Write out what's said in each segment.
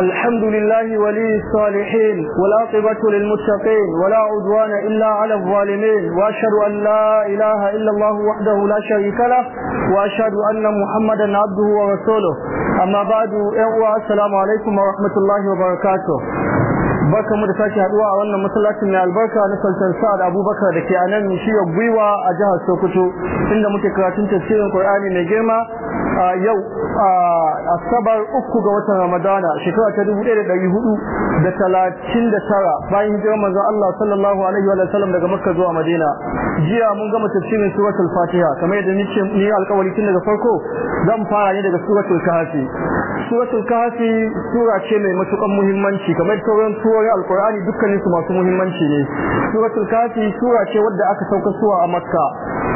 الحمد لله ولي الصالحين والعاقبة للمتقين ولا عدوان إلا على الظالمين وأشهد أن لا إله إلا الله وحده لا شريك له وأشهد أن محمدا عبده ورسوله أما بعد السلام عليكم ورحمة الله وبركاته barka mu da sake haduwa a wannan masallacin mai albarka na Sultan Sa'ad Abubakar da ke a nan shiyar gwiwa a jihar Sokoto inda muke karatun tafsirin Qur'ani mai girma yau a sabar uku ga watan ramadana shekara ta dubu ɗaya da dari hudu da talatin da tara bayan hijirar manzon Allah sallallahu alaihi wa sallam daga makka zuwa madina jiya mun gama tafsirin suratul fatiha kamar yadda nice ni alƙawari tun daga farko zan fara ne daga suratul kahfi suratul kahfi sura ce mai matukan muhimmanci kamar sauran surori alƙur'ani dukkanin su masu muhimmanci ne suratul kahfi sura ce wadda aka sauka suwa a makka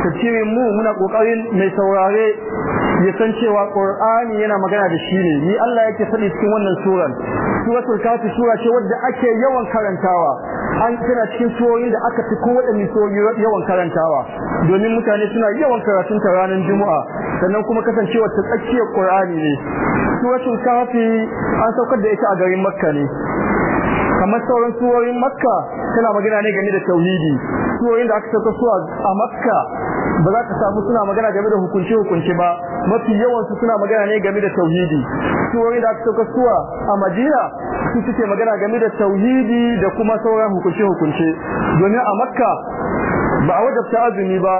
tafsirin mu muna kokarin mai saurare ya san cewa Qur'ani yana magana da shi ne ni Allah yake faɗi cikin wannan suran suratul kafi sura ce wadda ake yawan karantawa an tana cikin surorin da aka fi kowaɗanne surori yawan karantawa domin mutane suna yawan karatun ta ranar juma'a sannan kuma kasancewa ta tsakiyar Qur'ani ne suratul kafi an saukar da ita a garin Makka ne kamar sauran surorin makka tana magana ne game da tauhidi surorin da aka saka Suwa a makka ba za ka samu suna magana game da hukunci hukunci ba mafi yawan su suna magana ne game da tauhidi surorin da aka saka Suwa a madina su suke magana game da tauhidi da kuma sauran hukunci hukunci domin a makka ba a wajabta azumi ba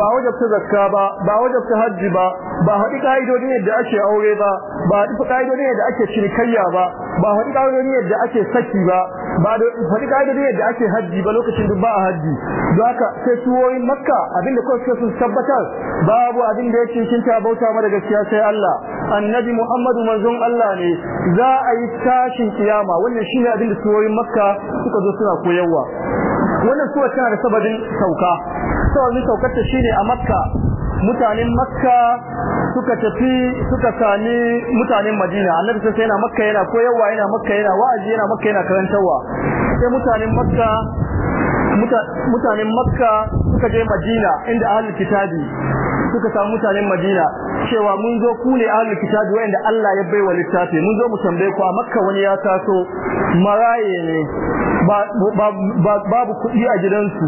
ba a wajabta zakka ba ba a wajabta hajji ba ba haɗi ka'idodin yadda ake aure ba ba haɗi ka'idodin yadda ake cinikayya ba ba haɗi ka'idodin yadda ake saki ba ba haɗi ka'idodin yadda ake hajji ba lokacin duk ba a hajji don haka sai tuwoyin makka abinda kawai sun tabbatar babu abin da ya cikin bauta ma daga gaskiya sai Allah annabi Muhammadu manzon Allah ne za a yi tashin kiyama wannan shine abin da tuwoyin makka suka zo suna koyarwa wannan suwa tana da sabadin sauka sabadin saukar ta shine a makka mutanen makka suka tafi suka sami mutanen madina annabi sai yana makka yana koyarwa yana makka yana wa'azi yana makka yana karantawa sai mutanen makka mutanen makka suka je madina inda ahlul kitabi suka samu mutanen madina cewa mun zo ku ne ahlul kitabi wanda Allah ya bai baiwa littafi mun zo mu tambaye ku a makka wani ya taso maraye ne babu kuɗi a gidansu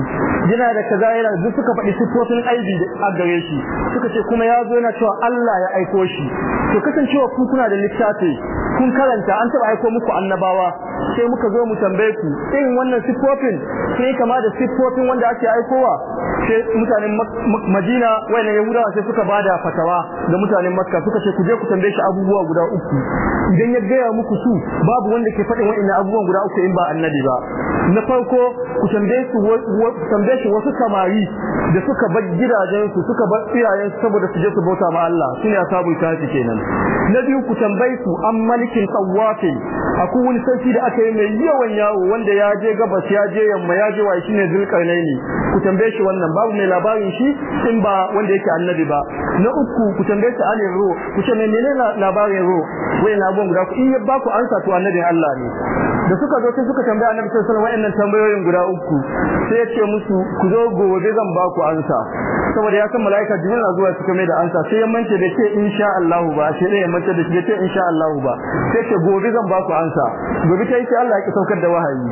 yana da kaza yana duk suka faɗi sifofin aibi a gare shi suka ce kuma ya zo yana cewa Allah ya aiko shi to kasancewa ku kuna da littafi kun karanta an taɓa aiko muku annabawa sai muka zo mu tambaye ku irin wannan sifofin sai kama da sifofin wanda ake aikowa sai mutanen Madina wayannan Yahudawa sai suka bada fatawa da mutanen makka suka ce ku je ku tambaye shi abubuwa guda uku idan ya gaya muku su babu wanda ke faɗin wa'annan abubuwan guda uku in ba annabi ba na farko ku tambaye su tambaye shi wasu samari da suka bar gidajen su suka bar iyayen saboda su je su bauta ma Allah sune asabul kafi kenan na biyu ku tambaye su an malikin tawafin akwai wani sarki da aka yi mai yawan yawo wanda ya je gabas ya je yamma ya je Wai shine zulkarnaini ku tambaye shi wannan babu mai labarin shi in ba wanda yake annabi ba na uku ku tambaye shi alin ruh ku ce menene labarin ruh wai na gon guda ku in ya ba ku ansa to annabin Allah ne da suka zo sai suka tambaya annabi sallallahu alaihi wasallam wayannan tambayoyin guda uku sai ya ce musu ku zo gobe zan ba ku ansa saboda ya san malaika jibril na zuwa cikin mai da ansa sai ya mance da ce insha Allah ba sai ya mance da ce insha Allah ba sai ce gobe zan ba ku ansa gobe ta ce Allah ki saukar da wahayi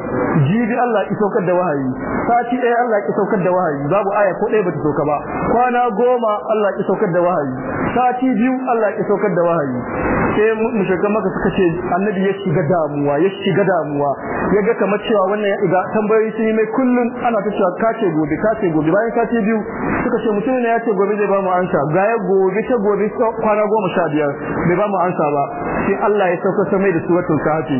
jibi Allah ki saukar da wahayi sati ɗaya Allah ki saukar da wahayi babu aya ko ɗaya bata sauka ba kwana goma Allah ki saukar da wahayi sati biyu Allah ki saukar da wahayi sai mushrikan maka suka ce annabi ya shiga damuwa ya shiga damuwa ga kamar cewa wannan ya iga tambayoyi sun yi mai kullun ana ta cewa kace gobe kace gobe bayan sati biyu suka ce mutumin ya ce gobe zai ba mu ansa ga ya gobe ta gobe kwana goma sha biyar bai ba mu ansa ba sai Allah ya sauka samai da suratul kafi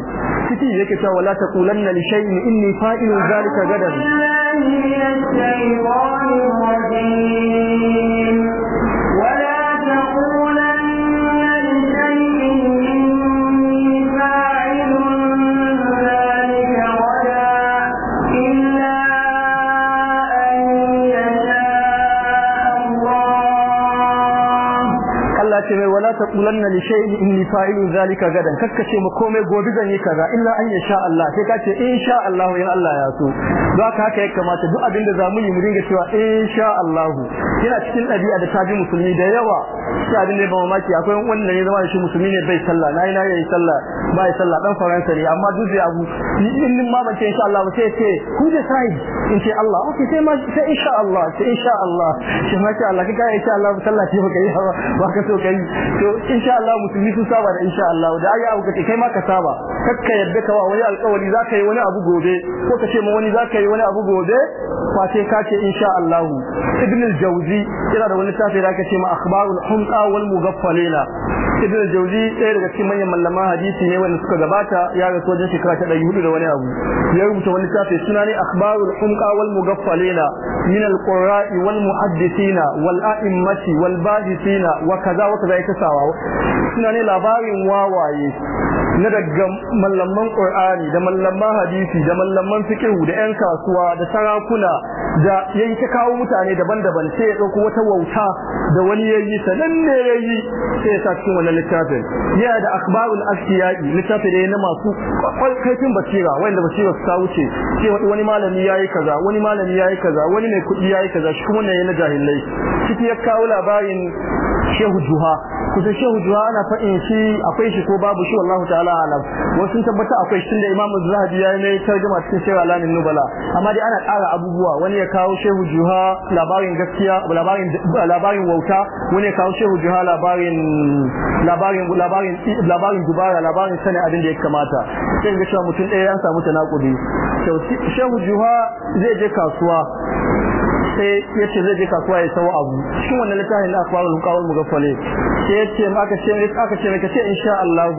ciki yake cewa wala taqulanna li shay'in inni fa'ilun zalika gadan taqulanna li shay'in inni fa'ilu zalika gadan kakkace mu komai gobe zan yi kaza illa an sha Allah sai kace insha Allah ya Allah ya so zaka haka ya kamata duk abinda zamu yi mu dinga cewa insha Allah yana cikin dabi'a da tabi musulmi da yawa sai abin da ba maki akwai wanda ne zama shi musulmi ne bai sallah nayi nayi yayi sallah bai sallah dan faransa ne amma duk sai abu ni din ma ban ce insha Allah ba sai ce ku da sai in ce Allah okay sai ma sai insha Allah sai insha Allah shi ma sai Allah kika insha Allah sallah ce ba kai ba ka so kai to to insha Allah musulmi sun saba da insha Allah da ayi abu kace kai ma ka saba kakka yadda ka wani alƙawari zaka yi wani abu gobe ko ka ce ma wani zaka yi wani abu gobe face ka ce insha Allah ibn al-jawzi yana da wani tafi da aka ce ma akhbarul humqa wal mughaffalina ibn al-jawzi ɗaya daga cikin manyan malama hadisi ne wanda suka gabata ya rasu shi shekara ta ɗari hudu da wani abu ya rubuta wani tafi suna ne akhbarul humqa wal mughaffalina min al-qurra'i wal muhaddithina wal a'immati wal bahithina wa kaza wa kaza ya tasawa suna ne labarin wawaye na daga mallaman Qur'ani da mallaman hadisi da mallaman fiqh da ƴan kasuwa da sarakuna da ta kawo mutane daban-daban sai ya dauko wata wauta da wani yayi sananne ya yayi sai ya saki wannan littafin ya da akhbarul asiyai littafin da yana masu kaifin basira wanda basira su ta wuce sai wani malami yayi kaza wani malami yayi kaza wani mai kuɗi yayi kaza shi kuma ne na jahilai shi ya kawo labarin Shehu Juha kusa shehu duwa ana faɗin shi akwai shi ko babu shi wallahu ta'ala alam wasu tabbata akwai shi da imamu zahabi ya yi tarjuma cikin shehu alamin nubala amma dai ana ƙara abubuwa wani ya kawo shehu juha labarin gaskiya labarin labarin wauta wani ya kawo shehu juha labarin labarin labarin labarin dubara labarin sanin abin da ya kamata sai ga cewa mutum ɗaya ya samu tanakudi shehu juha zai je kasuwa sai yace zai kasuwa ya sawo abu cikin wannan littafin da akwai al-qawul mughaffale sai maka ce aka ce ce insha Allah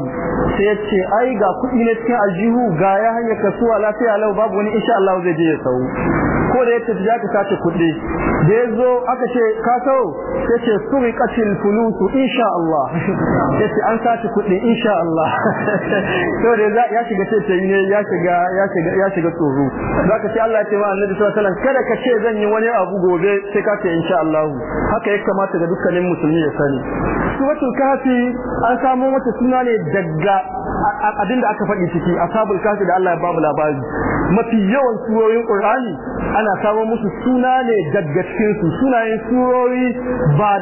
sai ai ga kuɗi ne cikin aljihu ga ya hanya kasuwa lafiya lau babu wani insha Allah zai je ya sawo ko da yace ya ka sace da yazo aka ce ka sawo sai ce insha Allah an sace insha Allah to da ya shiga ce ne ya shiga ya shiga ya shiga tsoro zaka ce Allah ya ce wa Annabi sallallahu alaihi wasallam kada ka ce zan yi wani abu abu gobe sai ka ce insha Allah haka ya kamata ga dukkanin musulmi ya sani wato kafi an samu wata suna ne daga abinda aka faɗi ciki ashabul kafi da Allah ya babu labari mafi yawan surorin Qur'ani ana samu musu suna ne daga cikin su sunayen surori ba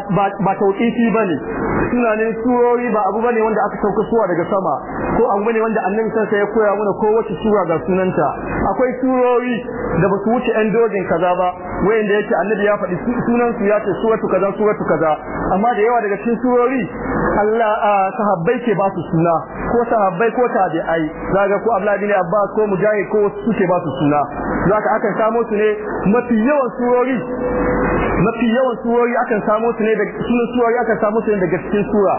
ba tauqifi bane sunayen surori ba abu bane wanda aka sauka suwa daga sama ko abu ne wanda annabi sai ya koya mana ko wace sura ga sunanta akwai surori da basu wuce ɗan dogin kaza ba wayanda yake annabi ya faɗi sunan su ya ce suratu kaza suratu kaza amma da yawa daga cikin surori Allah sahabbai ke ba su suna ko sahabbai ko tabi'ai zaga ko Abdullah bin Abbas ko Mujahid ko wasu suke ba su suna zaka akan samo su ne mafi yawan surori mafi yawan surori akan samo su ne daga sunan surori akan samo su ne daga cikin sura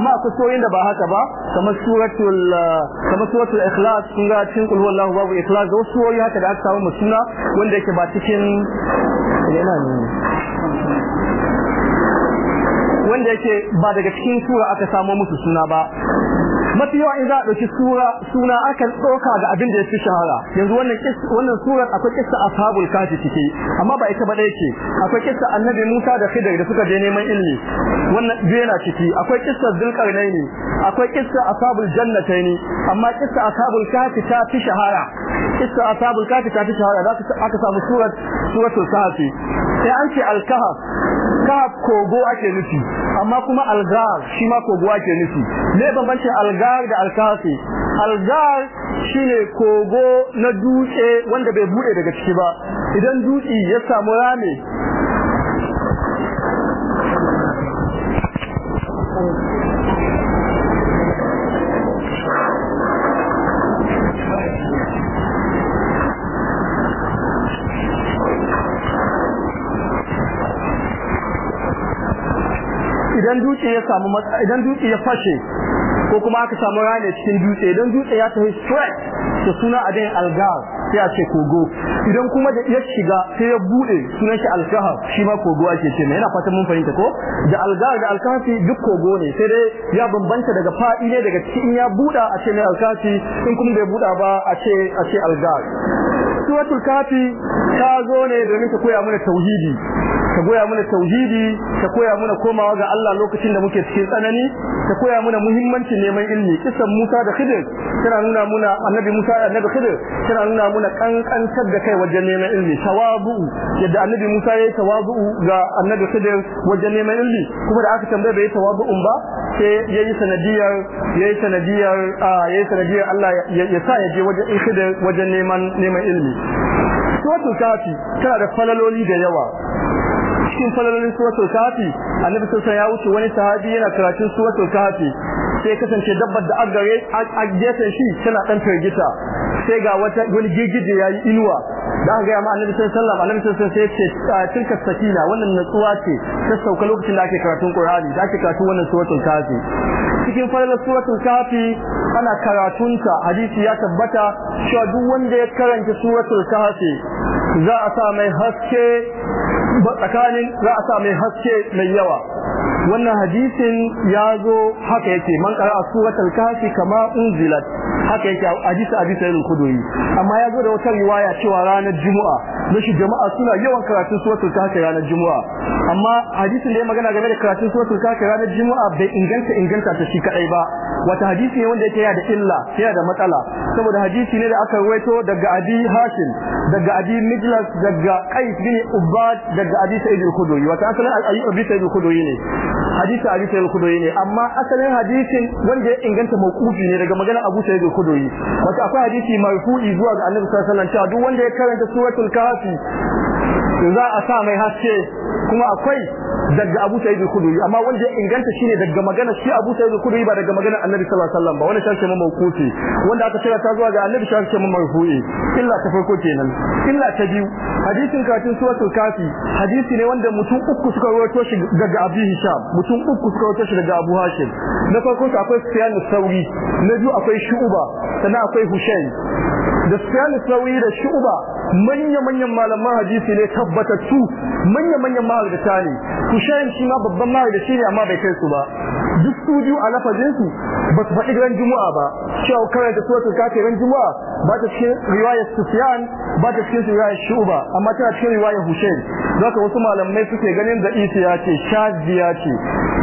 amma akwai surorin da ba haka ba kamar suratul uh, kamar suratul ikhlas kun ga cikin qul huwallahu babu ikhlas da wasu surori haka da aka samu musuna wanda yake ba cikin yana ne wanda yake ba daga cikin sura aka samo musu suna ba mafi yawa in za a dauki sura suna akan doka ga abin da ya fi shahara yanzu wannan wannan akwai akwai kissa ashabul kafi ciki amma ba ita ba da yake akwai kissa annabi Musa da Khidir da suka je neman ilimi wannan yana ciki akwai kissa ne, akwai kissa ashabul jannataini amma kissa ashabul kafi ta fi shahara kissa ashabul kafi ta fi shahara za aka samu surat suratul kafi sai an ce al-kahf kahf kogo ake nufi amma kuma al-ghar shi ma kogo ake nufi me bambancin al algar da alkafi algar shine kogo na dutse wanda bai bude daga ciki ba idan dutse ya samu rame idan dutse ya samu idan dutse ya fashe ko kuma aka samu rana cikin dutse don dutse ya tafi stress, to suna abin algar sai a ce kogo idan kuma da iya shiga sai ya bude sunan shi alkahar shi ma kogo ake ce mai yana fatan mun fahimta ko da algar da alkafi duk kogo ne sai dai ya bambanta daga fadi ne daga cikin ya buda a ce mai alkafi in kuma bai buda ba a ce a ce algar suratul kafi ta zo ne domin ta koya mana tauhidi ta goya mana tauhidi ta koya mana komawa ga Allah lokacin da muke cikin tsanani ta koya muna muhimmancin neman ilimi kisan Musa da Khidir tana nuna muna annabi Musa da annabi Khidir tana nuna muna kankantar da kai wajen neman ilimi tawabu yadda annabi Musa yayi tawabu ga annabi Khidir wajen neman ilimi kuma da aka tambaye bai tawabu ba sai yayi sanadiyar yayi sanadiyar yayi sanadiyar Allah ya sa ya je wajen Khidir wajen neman neman ilimi suratul kafi tana da falaloli da yawa cikin falalolin suratul kafi annabi sallallahu ya wuce wani sahabi yana karatun suratul kafi sai kasance dabbar da agare a gefe shi tana dan firgita sai ga wata wani gigije yayi inuwa da aka ga ma annabi sallallahu alaihi wasallam sai ce tilka sakina wannan natsuwa ce ta sauka lokacin da ake karatun Qur'ani da ake karatun wannan suratul kafi cikin falalar suratul kafi ana ta hadisi ya tabbata cewa duk wanda ya karanta suratul kafi za a sa mai haske tsakanin za a sa mai haske mai yawa wannan hadisin ya zo haka yake man a suratul kafi kama unzilat haka yake hadisi a sa'id al kudoyi amma ya zo da wata riwaya cewa ranar juma'a shi jama'a suna yawan karatun suratul kafi ranar juma'a amma hadisin da ya magana game da karatun suratul kafi ranar juma'a bai inganta inganta ta shi kadai ba wata hadisi ne wanda yake yana da illa yana da matsala saboda hadisi ne da aka rawaito daga Abi Hashim daga Abi Mijlas daga Qais bin Ubad daga Abi Sa'id al-Khudri wata asalin Abi Sa'id al-Khudri ne hadisi Abi Sa'id al-Khudri ne amma asalin hadisin wanda ya inganta mawqufi ne daga maganar Abu Sa'id al-Khudri wata akwai hadisi marfu'i zuwa ga Annabi sallallahu alaihi wasallam cewa duk wanda ya karanta suratul Kahfi za a sa mai haske kuma akwai daga Abu Sa'id al-Khudri amma wanda ya inganta shine daga magana shi Abu Sa'id al-Khudri ba daga magana Annabi sallallahu alaihi wasallam ba wannan shirke mawqufi wanda aka cewa ta zuwa ga Annabi shirke marfu'i illa ta farko kenan illa ta biyu hadisin katin suratul kafi hadisi ne wanda mutum uku suka rawaito shi daga Abu Hisham mutum uku suka rawaito shi daga Abu Hashim na farko akwai Sufyan al na biyu akwai Shu'ba sannan akwai Hushayn da Sufyan Sauri da Shu'ba manya-manyan malaman hadisi ne tabbatattu manya-manyan mahaddata ne shayin shi ma babban shi ne amma bai kai su ba duk su biyu a lafazinsu ba su faɗi ran Juma'a ba cewa karanta suwatar kafir ran Juma'a ba ta cikin riwayar Sufyan ba ta cikin riwayar Shu'ba amma tana cikin riwayar Hushayn zaka wasu malamai suke ganin da ya ce ya ce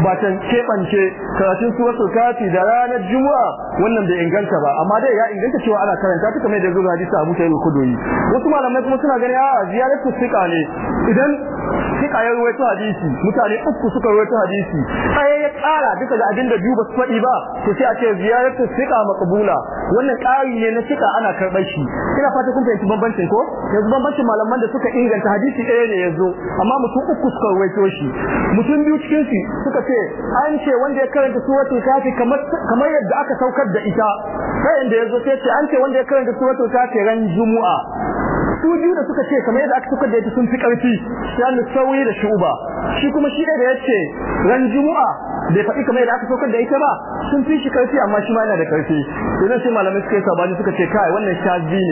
ba can kebance karatun suratul kafi da ranar juma'a wannan bai inganta ba amma dai ya inganta cewa ana karanta ta kamar da zuwa hadisi Abu Sa'id al wasu malamai kuma suna ganin a ziyaratu siqa ne idan fika ya ruwaito hadisi mutane uku suka ruwaito hadisi sai ya kara duka da abinda da biyu ba su faɗi ba to sai a ce ziyaratu fika maqbula wannan ƙari ne na Sika ana karɓar shi ina fata kun fahimci bambancin ko yanzu bambancin malaman da suka inganta hadisi ɗaya ne yanzu amma mutum uku suka ruwaito shi mutum biyu cikin su suka ce an ce wanda ya karanta suratul kafi kamar kamar yadda aka saukar da ita sai inda zo sai ce an ce wanda ya karanta suratul kafi ran jumu'a su biyu da suka ce kamar yadda aka tukar da ita sun fi karfi ya sauyi da shuba shi kuma shi da yace ran juma'a bai faɗi kamar yadda aka tukar da ita ba sun fi shi karfi amma shi ma yana da karfi sai sai malamai suka yi sabani suka ce kai wannan shazi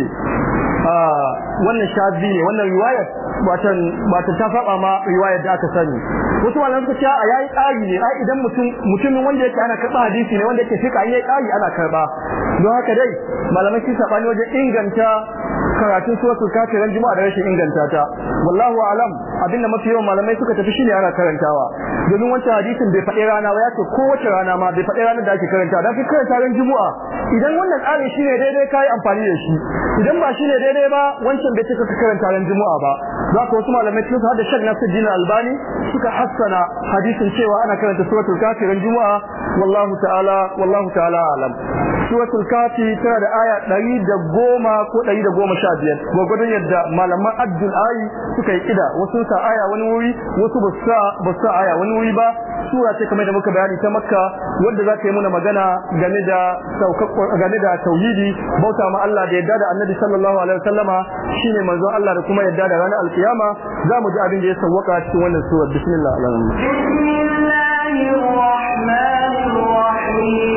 ah, ne wannan shazi ne wannan riwaya. watan bata ta saba ma riwaya da aka sani wasu malamai suka ce a yayi tsari ne ai idan mutum mutumin wanda yake ana karba hadisi ne wanda yake fika yayi tsari ana karba don haka dai malamai sun sabani wajen inganta karatun suratul zakka ce ran juma'a da rashin inganta ta wallahu alam abinda mafi yawan malamai suka tafi shine ana karantawa domin wancan hadisin bai faɗi rana ba ya ce wace rana ma bai faɗi ranar da ake karanta da ake karanta ran juma'a idan wannan tsarin shine daidai kai amfani da shi idan ba shine daidai ba wancan bai cika karanta ran juma'a ba za ka wasu malamai sun hada shak Nasiruddin Albani suka hassana hadisin cewa ana karanta suratul kafir ran juma'a wallahu ta'ala wallahu ta'ala alam suratul kafi tana da aya 110 ko 115 gwagwadon yadda malaman addul ayi suka yi kida wasu sa aya wani wuri wasu ba sa ba sa aya wani wuri ba sura ce kamar da muka bayani ta makka wanda za ta yi muna magana game da game da tauhidi bauta ma Allah da yadda da annabi sallallahu alaihi wasallama shine manzon Allah da kuma yadda da ranar alkiyama za mu ji abin da ya sawwaka cikin wannan sura bismillah bismillahir rahmanir rahim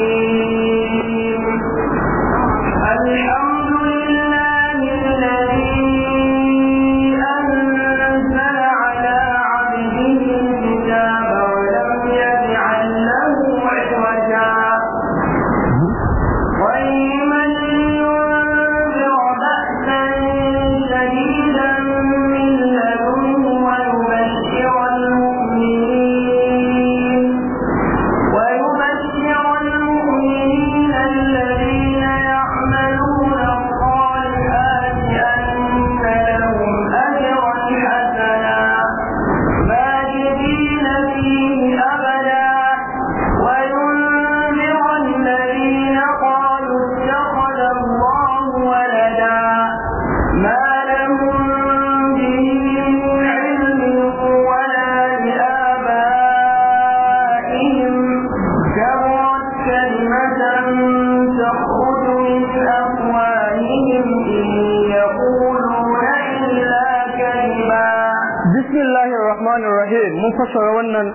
fassara wannan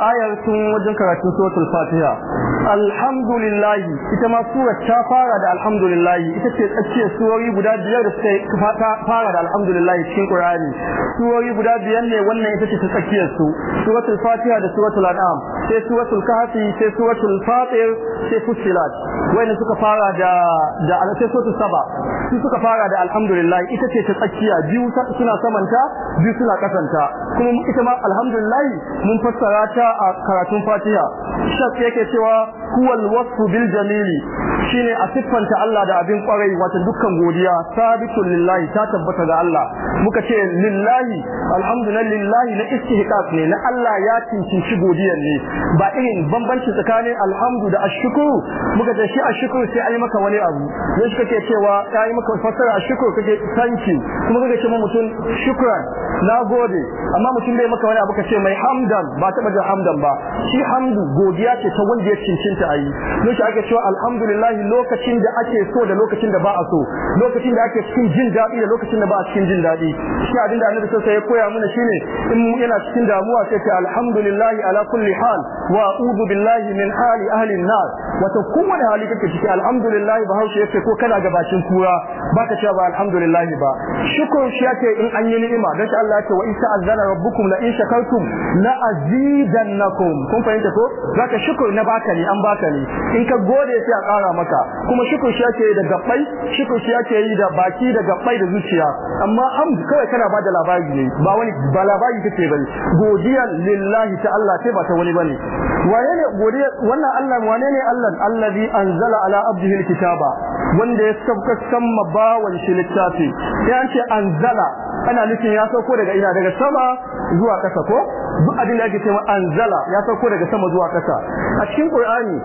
ayar sun wajen karatun suratul fatiha alhamdulillah ita ma sura ta fara da alhamdulillah ita ce tsakiyar surori guda biyar da suka fara da alhamdulillah cikin qur'ani surori guda biyar ne wannan ita ce ta tsakiyar su suratul fatiha da suratul an'am sai suratul kahfi sai suratul fatir sai fussilat wanda suka fara da da sai suratul saba su suka fara da alhamdulillah ita ce ta tsakiya biyu suna samanta biyu suna kasanta kuma ita ma alhamdulillah mun fassara ta a karatun Fatiha shak yake cewa huwal wasfu bil jamili shine a siffanta Allah da abin kwarai wato dukkan godiya sabitun lillahi ta tabbata ga Allah muka ce lillahi alhamdulillahi na istihqaq ne na Allah ya cincinci godiyar ne ba irin bambanci tsakanin alhamdu da ashkuru muka ce shi ashkuru sai yi maka wani abu ne shi kake cewa kai maka fasara ashkuru kake thank you kuma kake cewa mutum shukran nagode amma mutum bai maka wani abu kace mai hamdan ba taba da hamdan ba shi hamdu godiya ce ta wanda ya cincinta ayi ne shi ake cewa lillahi. lokacin da ake so da lokacin da ba a so lokacin da ake cikin jin daɗi da lokacin da ba a cikin jin daɗi shi abin da annabi sai ya koya mana shine in yana cikin damuwa sai ce alhamdulillahi ala kulli hal wa a'udhu billahi min hali ahli an-nar wato da hali kake ciki alhamdulillah ba haushe yake ko kana ga bakin kura baka cewa ba alhamdulillah ba shukur shi yake in an yi ni'ima dan sha Allah yake wa isa azana rabbukum la in shakartum la azidannakum kun fahimta ko zaka shukur na baka ne an baka ne in ka gode sai a kara maka kuma shukur shi yake da gabbai shukur shi yake yi da baki da gabbai da zuciya amma hamd kawai kana ba da labari ne ba wani ba labari kake bane godiya lillahi ta Allah sai ba ta wani bane wane ne godiya wannan Allah wane ne Allah rahmatan allazi anzala ala abdihi alkitaba wanda ya sauka samma bawan shi littafi sai an ce anzala ana nufin ya sauko daga ina daga sama zuwa kasa ko duk abin da ake cewa anzala ya sauko daga sama zuwa kasa a cikin qur'ani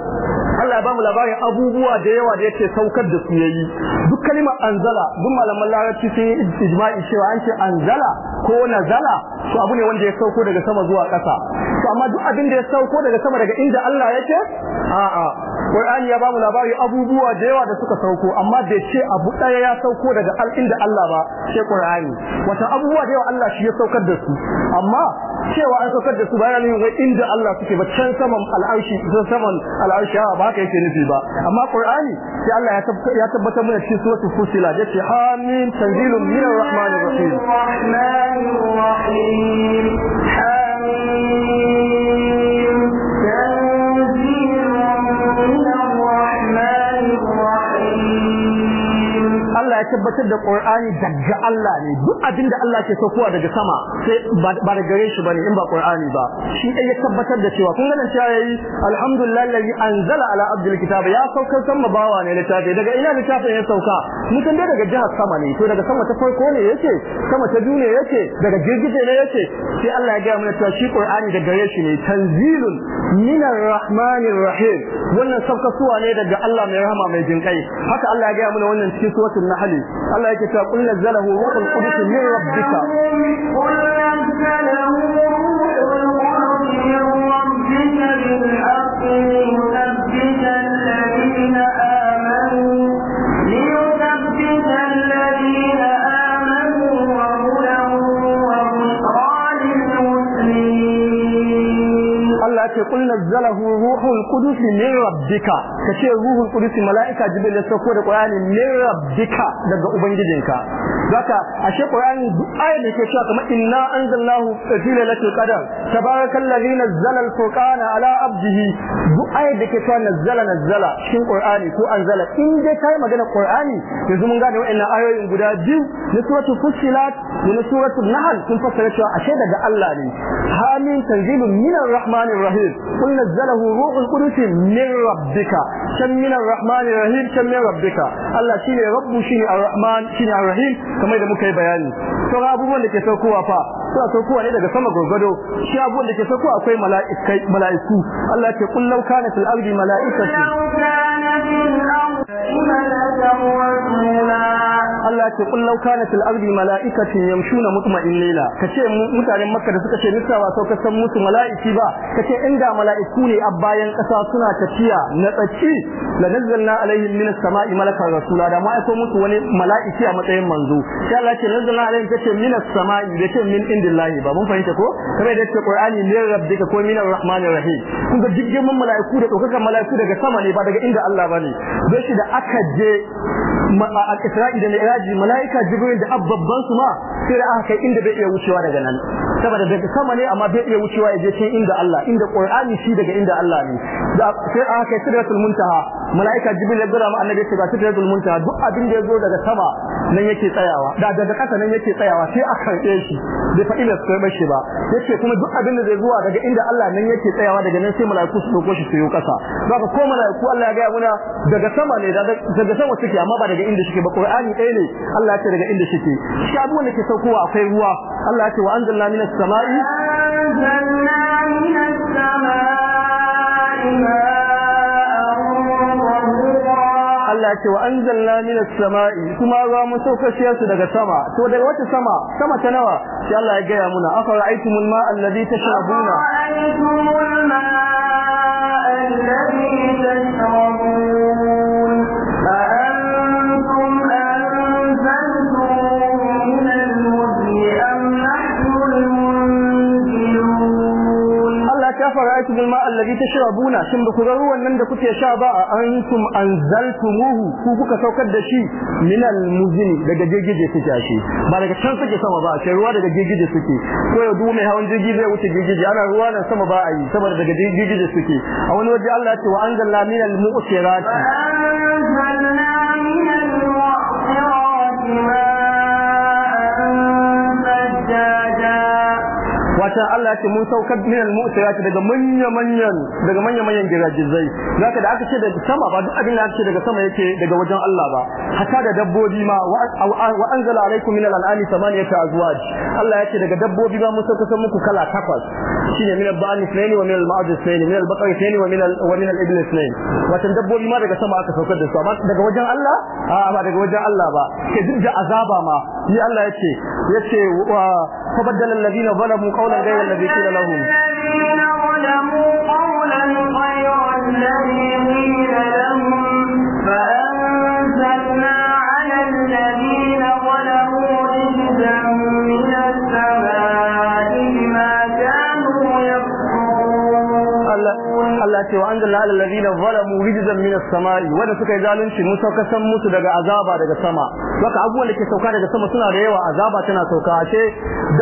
Allah ya bamu labarin abubuwa da yawa da yake saukar da su yayi duk kalimar anzala duk malaman larabci sun yi ijma'i cewa an ce anzala ko nazala to abu ne wanda ya sauko daga sama zuwa kasa to amma duk abin da ya sauko daga sama daga inda Allah yake a'a Qur'ani ya bamu labari abubuwa da yawa da suka sauko amma bai ce abu daya ya sauko daga inda Allah ba sai Qur'ani wata abubuwa da yawa Allah shi ya saukar da su amma cewa an saukar da su bayan yin wai inda Allah suke ba can saman al'arshi saman al'arshi ba haka yake nufi ba amma Qur'ani sai Allah ya tabbatar mana cikin suratul Fusila yace amin tanzilun minar rahmanir rahim tabbatar da Qur'ani daga Allah ne duk abin da Allah ke saukowa daga sama sai ba da gare shi bane in ba Qur'ani ba shi dai ya tabbatar da cewa kun ganin cewa yayi alhamdulillah anzala ala abdil kitaba ya saukar sama bawa ne littafi daga ina littafin ya sauka mutum dai daga jihar sama ne to daga sama ta farko ne yake sama ta biyu ne yake daga girgije ne yake sai Allah ya ga mana cewa shi Qur'ani daga gare shi ne tanzilun minar rahmanin rahim wannan sauka suwa ne daga Allah mai rahama mai jinkai haka Allah ya ga mana wannan cikin suratul nahl Allah yake cewa qul nazzalahu ruhul qudus min rabbika qul nazzalahu ruhul qudus min rabbika bil haqqi ce kun nazzalahu ruhul qudus min rabbika ka ce ruhul qudusi mala'ika jibril ya sauko da qur'ani min rabbika daga ubangijinka zaka ashe qur'ani duk ayar da ke cewa kamar inna anzalnahu fi lailatul qadar tabarakallazi nazzala al-furqana ala abdihi duk da ke cewa nazzala nazzala shin qur'ani ko anzala in dai kai magana qur'ani yanzu mun gane wa'annan ayoyin guda biyu na suratul fussilat da na suratul nahl sun fassara cewa ashe daga Allah ne hamin tanzilun minar rahmanir rahim qul nazzalahu ruhul qudusi min rabbika can min rahman rahim min rabbika Allah shine rabbu shine ar-rahman shine ar-rahim kamar da muka yi bayani to ga abubuwan da ke saukowa fa suna saukowa ne daga sama gargado, shi abubuwan da ke saukowa akwai mala'ikai mala'iku Allah ya ce kullu kana fil ardi mala'ikatu kana fil ardi mala'ikatu Allah ce qul law kanat al-ardi mala'ikatun yamshuna mutma'innina kace mutanen Makka da suka ce nisa ba sauka san musu mala'iki ba kace inda mala'iku ne a bayan kasa suna tafiya na tsaki la nazzalna alaihim min samai malakan rasula da ma aiko musu wani mala'iki a matsayin manzo sai Allah ce nazzalna alaihim kace min as-sama'i da ce min indillahi ba mun fahimta ko kamar da ce Qur'ani min rabbika ko min ar-rahmanir rahim kun ga jirgin mala'iku da dokakan mala'iku daga sama ne ba daga inda Allah bane don shi da aka je a Isra'i da daji malaika jibril da abbabban su ma sai da aka kai inda bai iya wucewa daga nan saboda daga sama ne amma bai iya wucewa ya je can inda Allah inda qur'ani shi daga inda Allah ne sai aka kai sidratul muntaha malaika jibril ya gura ma annabi sai ga sidratul muntaha duk abin da ya zo daga sama nan yake tsayawa da daga kasa nan yake tsayawa sai aka karɓe shi bai faɗi da sai bashi ba yace kuma duk abin da zai zuwa daga inda Allah nan yake tsayawa daga nan sai malaiku su dauko shi su yi kasa Ba ko malaiku Allah ya ga muna daga sama ne daga sama suke amma ba daga inda suke ba qur'ani ɗaya ne Allah ya ce daga inda shike shi abubuwan da ke saukowa akwai ruwa Allah ya ce wa anzalna minas sama'i anzalna minas sama'i Allah ce wa anzalna minas sama'i kuma ruwa mu saukashiya su daga sama to daga wata sama sama ta nawa sai Allah ya gaya muna afara aitumul ma alladhi tashrabuna aitumul ma alladhi tashrabuna ra'aytumul ma'a alladhi tashrabuna shin ba ku ga ruwan nan da kuke sha ba antum anzaltumuhu ku kuka saukar da shi minal muzin daga girgije suke ashe ba daga can suke sama ba sai ruwa daga girgije suke ko ya duk mai hawan jirgi zai wuce girgije ana ruwa nan sama ba a yi saboda daga girgije suke a wani waje Allah ya ce wa anzalna minal mu'sirati anzalna minal can Allah ya ce mun saukar min al-mu'tiyat daga manya manyan daga manya manyan girajizai zaka da aka ce daga sama ba duk abin da aka ce daga sama yake daga wajen Allah ba hatta da dabbobi ma wa anzala alaikum min al-an'ami thamaniyata azwaj Allah ya ce daga dabbobi ba mun saukar muku kala takwas shine min al-ba'al ithnain wa min al-ma'ad ithnain min al-baqar ithnain wa min wa min al-ibl ithnain wato dabbobi ma daga sama aka saukar da su amma daga wajen Allah a ba daga wajen Allah ba ke duk da azaba ma shi Allah ya ce yace فبدل الذين ظلموا قولا غير الذي قيل لهم الذين ظلموا قولا غير الذي قيل لهم فأنزلنا على الذين ظلموا رجزا من السماء بما كانوا يكفرون Allah ce wa anzalna ala saka abubuwan da ke sauka daga sama suna da yawa azaba tana sauka ce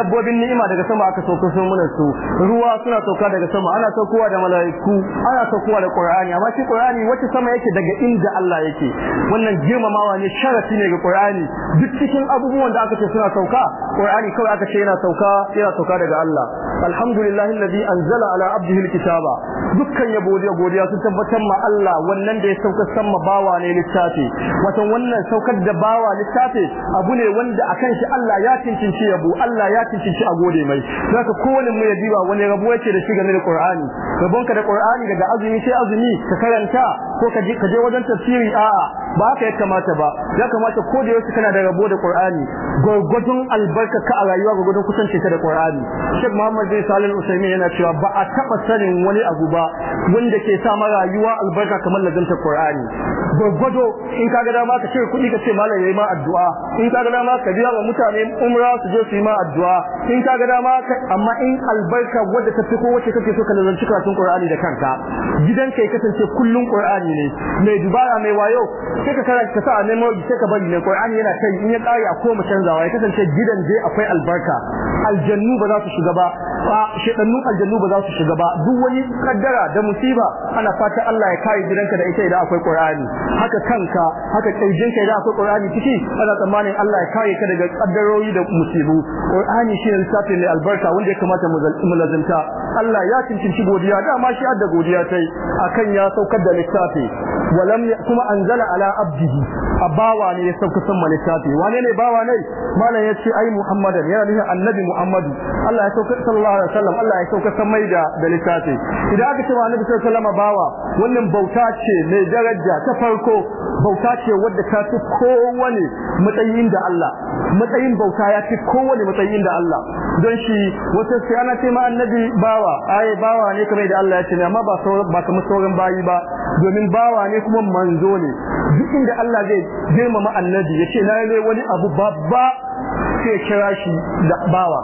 dabbobin ni'ima daga sama aka sauko sun muna su ruwa suna sauka daga sama ana saukowa da mala'iku ana saukowa da qur'ani amma shi qur'ani wacce sama yake daga inda Allah yake wannan girmamawa ne sharafi ne ga qur'ani duk cikin abubuwan da aka ce suna sauka qur'ani kawai aka ce yana sauka yana sauka daga Allah alhamdulillahi alladhi anzala ala abdihi alkitaba dukkan yabo da godiya sun tabbatar ma Allah wannan da ya sauka sama bawa ne littafi wato wannan saukar da bawa ne littafi abu ne wanda akan shi Allah ya cincinci yabo Allah ya cincinci a gode mai zaka kowane mu ya diba wani rabo yake da shi game da Qur'ani rabonka da Qur'ani daga azumi sai azumi ka karanta ko ka je ka je wajen tafsiri a'a ba haka ya kamata ba ya kamata ko da yau kana da rabo da Qur'ani gurgudun albarka ka a rayuwa gurgudun kusance ka da Qur'ani Sheikh Muhammad bin Salih al yana cewa ba a taba sanin wani abu ba wanda ke sa ma rayuwa albarka kamar lazantar Qur'ani gwaggwado in kaga dama ka cire kuɗi ka ce malam yayi ma addu'a in kaga dama ka biya wa mutane umra su je su yi ma addu'a in kaga dama amma in albarka wadda ta fi ko wacce kake so ka lallanci karatun Qur'ani da kanka gidan kai kasance kullun Qur'ani ne mai dubara mai wayo sai ka karanta sa a nemo sai ka bari ne Qur'ani yana kai in ya kare a koma canzawa ya kasance gidan je akwai albarka aljannu ba za su shiga ba shedannu aljannu ba za su shiga ba duk wani kaddara da musiba ana fata Allah ya kare gidanka da ita idan akwai Qur'ani haka kanka haka kaijinka idan akwai Qur'ani ciki ana tsammanin Allah ya kare ka daga kaddarori da musibu Qur'ani shi lissafin mai albarka wanda ya kamata mu lazimta Allah ya cincinci godiya dama shi da godiya tai akan ya saukar da lissafi. walam kuma anzala ala abdihi abawa ne ya sauka sama malissafi. wane ne bawa ne malam yace ai muhammadan yana nufin annabi muhammadu Allah ya sauka sallallahu alaihi wasallam Allah ya sauka sama da da littafi idan aka ce annabi sallallahu alaihi wasallam bawa wannan bauta ce mai daraja ta farko bauta ce wadda ta fi kowane matsayin da Allah matsayin bauta ya fi kowane matsayin da Allah don shi wata sai ana ce ma annabi bawa ai bawa ne kamar da Allah ya ce amma ba ba kamar sauran bayi ba domin bawa ne kuma manzo ne duk inda Allah zai girmama annabi yace na yi wani abu babba sai kira shi da bawa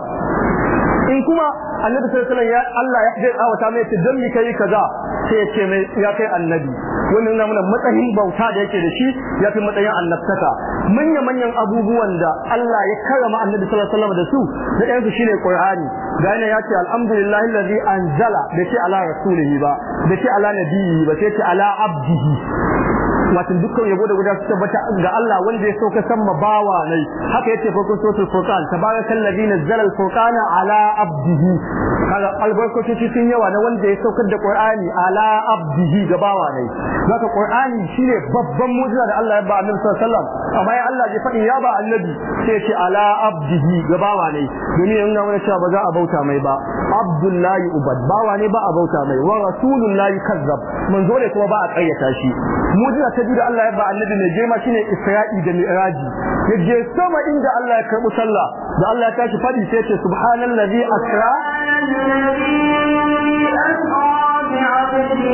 in kuma annabi sallallahu alaihi wasallam ya Allah ya jira wata mai ce dan mi kai kaza sai ya ce mai ya kai annabi wannan na matsayin bauta da yake da shi ya fi matsayin annabtaka manya manyan abubuwan da Allah ya karama annabi sallallahu alaihi wasallam da su da ɗayan su shine Qur'ani ga yana yace alhamdulillahi allazi anzala da ce ala rasulihi ba da ce ala nabiyyi ba sai ce ala abdihi wato dukkan yabo da guda su tabbata ga Allah wanda ya sauka sama bawa nai haka yace farkon suratul furqan tabarakal ladhi nazzala al furqana ala abdihi kaga albarkoci cikin yawa na wanda ya saukar da qur'ani ala abdihi ga bawa nai zaka qur'ani shine babban mu'jiza da Allah ya ba annabi sallallahu alaihi wasallam amma ya Allah ya faɗi ya ba annabi sai ya ce ala abdihi ga bawa nai domin yana mana cewa ba za a bauta mai ba abdullahi ubad bawa ne ba a bauta mai wa rasulullahi kazzab manzo ne kuma ba a kayyata shi mu'jiza ta da Allah ya ba annabi mai girma shine Isra'i da Mi'raji yaje sama inda Allah ya karɓi sallah da Allah ya tashi fadi sai ce subhanallazi asra subhanallazi asra bi 'abdihi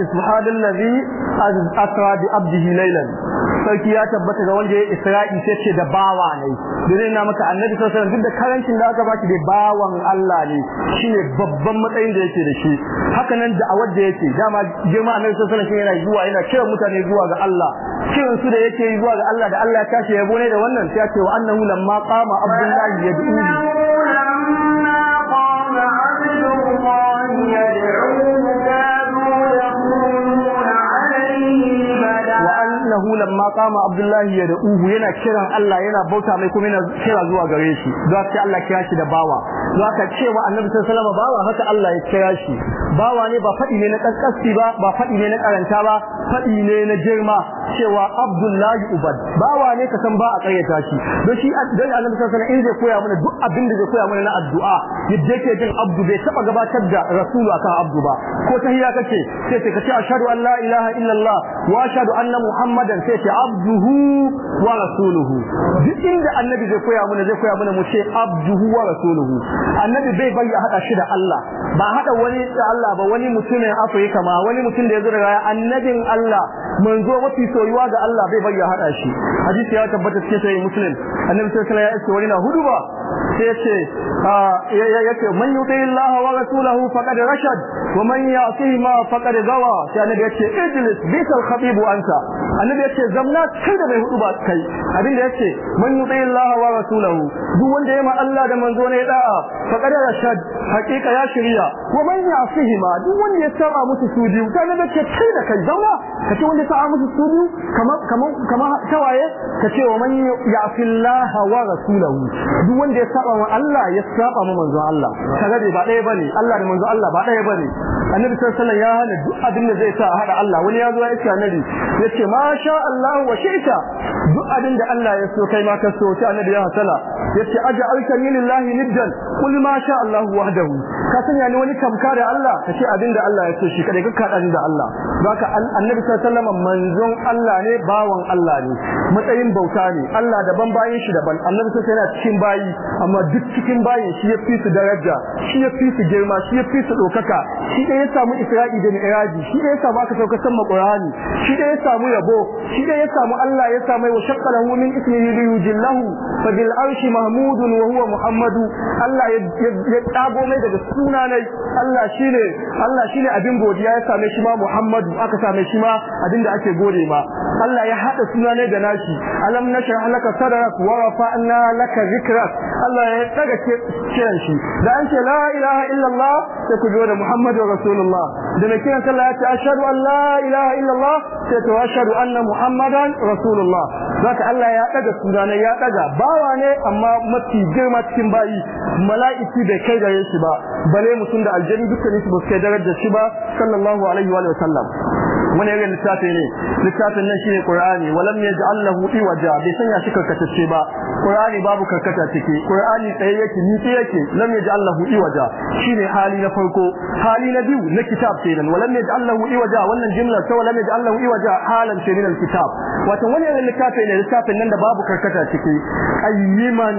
ce subhanallazi asra bi abdihi laylan sarki ya tabbata ga wanda ya isra'i sai ce da bawa ne dole na maka annabi sallallahu alaihi wasallam duk da karancin da aka baki da bawan Allah ne shi ne babban matsayin da yake da shi Hakanan da a da yake dama girma annabi sallallahu alaihi wasallam yana zuwa yana kiran mutane zuwa ga Allah kiran su da yake zuwa ga Allah da Allah ya tashi yabo ne da wannan sai ya ce wa annahu lamma qama abdullahi yad'u ma qama abdullahi ya da'uhu yana kiran Allah yana bauta mai kuma yana kira zuwa gare shi don haka Allah kira shi da bawa don haka cewa annabi sallallahu alaihi wasallam bawa haka Allah ya kira shi bawa ne ba fadi ne na kaskasi ba ba fadi ne na karanta ba fadi ne na girma cewa Abdullahi Ubad bawa ne ka san ba a ta shi don shi dan Annabi sallallahu alaihi wasallam zai koya mana duk abin da zai koya mana na addu'a yadda yake jin Abdu bai taba gabatar da Rasulu akan Abdu ba ko hiya kace sai sai kace ashhadu an la ilaha illallah wa ashhadu anna Muhammadan sai ce abduhu wa rasuluhu duk inda Annabi zai koya mana zai koya mana mu ce abduhu wa rasuluhu Annabi bai bayya hada shi da Allah ba hada wani da Allah ba wani mutumin Afirka ma wani mutum da ya zo raya annabin Allah manzo mafi so soyuwa ga Allah bai bari ya hada shi hadisi ya tabbata cikin sahih muslim annabi sallallahu alaihi wasallam ya ce wani na huduba sai ya ce ah, ya yake man yuti Allah wa rasulahu faqad rashad wa man ya'tihi ma faqad gawa sai annabi ya ce ijlis bisal khabib anta annabi ya ce zamna kai da bai hudu ba kai abinda ya ce man yuti Allah wa rasuluhu. duk wanda ya ma Allah da manzo ne da'a faqad rashad hakika ya shirya wa man ya'tihi ma duk wanda ya saba musu su biyu kai da kai zauna kace wanda ya saba musu su biyu kamar tawaye ka ce wa man ya'fi Allah wa rasulahu duk wanda ya saba wa Allah ya saba ma manzon Allah kaga ba ɗaya bane Allah da manzo Allah ba ɗaya bane annabi sallallahu alaihi ya hana duk abin da zai sa a hada Allah wani yazo zo ya annabi yace masha Allah wa shaita duk abin da Allah ya so kai ma ka so sai annabi ya hasala yace aja lillahi niddan kul ma sha Allah wahdahu ka sanya ni wani tamka da Allah kace abin da Allah ya so shi kada ka kada da Allah baka annabi sallallahu alaihi wasallam manzon Allah ne bawan Allah ne matsayin bauta ne Allah daban bayin shi daban annabi sai yana cikin bayi amma duk cikin bayin shi ya fi su daraja shi ya fi su girma shi ya fi su dokaka shi ya samu Isra'i da Mi'raji shi da ya samu aka sauka san Qur'ani shi da ya samu yabo shi da ya samu Allah ya samu wa shaqqalahu min ismihi li yujillahu fa bil arshi mahmudun wa huwa muhammadu Allah ya tsago mai daga sunanai Allah shine Allah shine abin godiya ya same shi ma Muhammadu aka same shi ma abin da ake gode ma Allah ya hada sunanai da nashi alam nashrah laka sadrak wa rafa'na laka zikrak Allah ya daga kiran shi da an ce la ilaha illallah sai ku da Muhammadu rasul rasulullah da mai kiran sallah ya ce ashhadu an la ilaha illallah sai to ashhadu anna muhammadan rasulullah zaka Allah ya daga sunana ya daga bawa ne amma mafi girma cikin bayi mala'iki bai kai gare shi ba bale mutum da aljanni dukkan su ba su kai darajar shi ba sallallahu alaihi wa sallam wani irin littafi ne littafin nan shine Qur'ani walam yaj'alahu iwaja bai sanya shi karkatacce ba Qur'ani babu karkata ciki Qur'ani tsaye yake ni tsaye yake lam yaj'alahu iwaja shine hali na farko hali na biyu na kitab kenan walam yaj'alahu iwaja wannan jimla ta walam yaj'alahu iwaja halan ce min kitab wato wani irin littafi ne littafin nan da babu karkata ciki qayyiman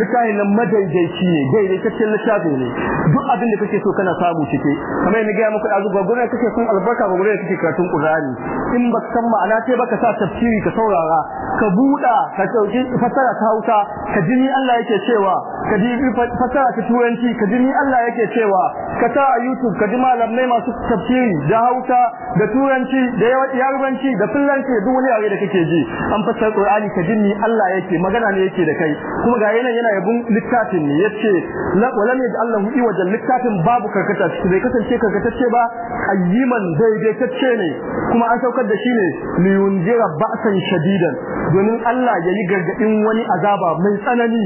littafin nan shi ne daidaitaccen littafi ne duk abin da kake so kana samu cike kamar ni ga muku dazu gwagwunan kake son albarka gwagwunan kake karatun Qur'ani in ba san ma'ana sai baka sa tafsiri ka saurara ka buda ka dauki fasara ta Hausa ka jini Allah yake cewa ka ji fasara ta Turanci ka jini Allah yake cewa ka sa a YouTube ka ji malamai masu tafsiri da Hausa da Turanci da Yarbanci da Fulanci da duk wani yare da kake ji an fassara Qur'ani ka jini Allah yake magana ne yake da kai kuma ga yana yana yabun littafin ne yace walam yaj'allahu iwajal littafin babu karkata shi bai kasance ce ba qayyiman daidaitacce ne kuma an saukar da shi ne liyunjira ba'san shadidan domin Allah ya yi gargadin wani azaba mai tsanani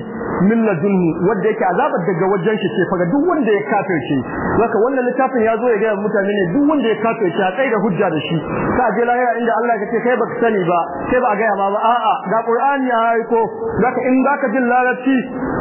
min ladunhu wanda yake azabar daga wajen shi ce faga duk wanda ya kafirce zaka wannan littafin ya zo ya ga mutane ne duk wanda ya kafirce a tsaye da hujja da shi ka je lahira inda Allah ya kai baka sani ba sai ba ga ya ba a'a ga Qur'ani ya aiko zaka in zaka jin larabci